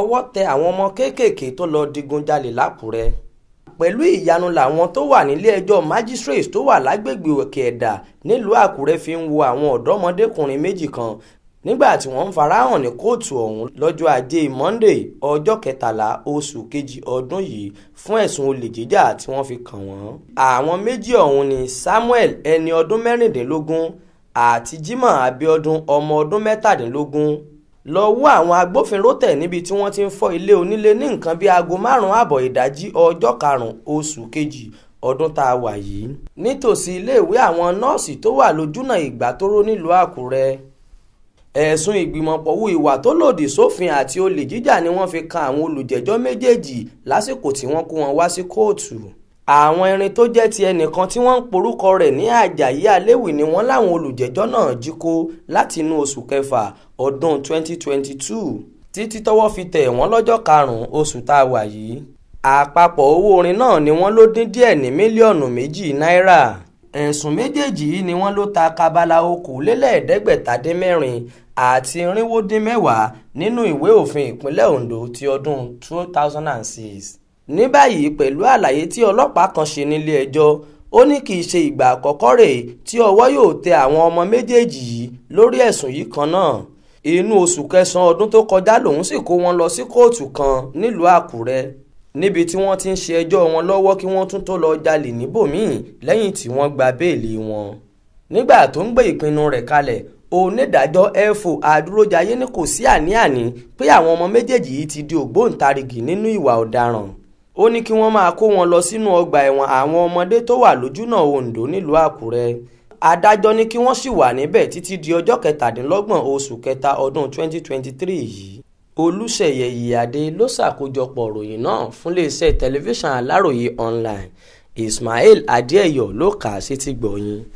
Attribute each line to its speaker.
Speaker 1: ọwọ́ tẹ àwọn ọmọ kéékèèké tó lọ́ọ́ digunjalè lákùrẹ́ pẹ̀lú ìyanu làwọn tó wà nílé ẹjọ́ magistrate tó wà lágbègbè òkè ẹ̀dà nílùú àkúrẹ́ fi ń wo àwọn ọ̀dọ́mọdékùnrin méjì kan nígbà tí wọ́n ń farahàn ní kóòtù ọ̀hún lọ́jọ́ ajé monday ọjọ́ kẹtàlá oṣù kejì ọdún yìí fún ẹ̀sùn olè jíjà tí wọ́n fi kàn wọ́n. àwọn méjì ọ̀hún ni samuel ẹni ọdún mẹ́rìndínlógún àti jimoh abiodun ọmọ ọdún mẹ́tàdínlógún lọ́wọ́ àwọn agbófinró tẹ̀ níbi tí wọ́n ti ń fọ́ ilé onílé ní nǹkan bíi aago márùn-ún àbọ̀ ìdájí ọjọ́ karùn-ún oṣù kejì ọdún tá a wà yìí nítòsí iléèwé àwọn nọ́ọ̀sì tó wà lójúnà ìgbàtóró nílùú àkúrẹ́ ẹ̀sùn ìgbìmọ̀pọ̀wú ìwà tó lòdì sófin àti olè jíjà ni wọ́n fi kan àwọn olùjẹ́jọ́ méjèèjì lásìkò tí wọ́n kó wọn wá sí kóòtù àwọn irin tó jẹ́ ti ẹnìkan tí wọ́n ń porúkọ rẹ̀ ní Àjàyí Aléwì ni wọ́n láwọn olùjẹ́jọ́ náà jí kó látinú oṣù kẹfà ọdún 2022 títí tọ́wọ́ fi tẹ̀ wọ́n lọ́jọ́ karùn-ún oṣù tá a wà yìí àpapọ̀ owó orin náà ni wọ́n ló dín díẹ̀ ní mílíọ̀nù méjì náírà ẹ̀sùn méjèèjì yìí ni wọ́n ló ta kabala okòólélẹ́ẹ̀ẹ́dẹ́gbẹ̀tàdínmẹ́rin àti irínwó dín mẹ́wàá nínú ìwé òfin ìpínlẹ̀ Ondo ti ọdún 2006 ní báyìí pẹ̀lú àlàyé tí ọlọ́pàá kan ṣe nílé ẹjọ́ ó ní kì í ṣe ìgbà àkọ́kọ́ rèé tí ọwọ́ yóò tẹ àwọn ọmọ méjèèjì yìí lórí ẹ̀sùn yìí kan náà inú oṣù kẹsàn-án ọdún tó kọjá lòun sì kó wọn lọ sí kóòtù kan nílùú àkúrẹ́ níbi tí wọ́n ti ń ṣe ẹjọ́ wọn lọ́wọ́ kí wọ́n tún tó lọ jalè níbòmíì lẹ́yìn tí wọ́n gba béèlì wọn nígbà tó ń gbé ìpinnu rẹ̀ kalẹ̀ onídàájọ́ efo adúrójayé ní kò sí àní pé àwọn ọmọ méjèèjì yìí ti di ògbóǹtarìgì nínú ìwà ọ̀daràn ó ní kí wọ́n máa kó wọn lọ sínú ọgbà ẹ̀wọ̀n àwọn ọmọdé tó wà lójúnà Oǹdó nílùú Àkúrẹ́ adájọ́ ní kí wọ́n sì wà níbẹ̀ títí di ọjọ́ kẹtàdínlọ́gbọ̀n oṣù kẹta ọdún 2023 yìí Olúṣèyẹ Ìyíadé ló ṣàkójọpọ̀ ròyìn náà fún iléeṣẹ́ tẹlifíṣàn Aláròye online Ismail Adéẹyọ ló kà á sétí gbọ̀yìn.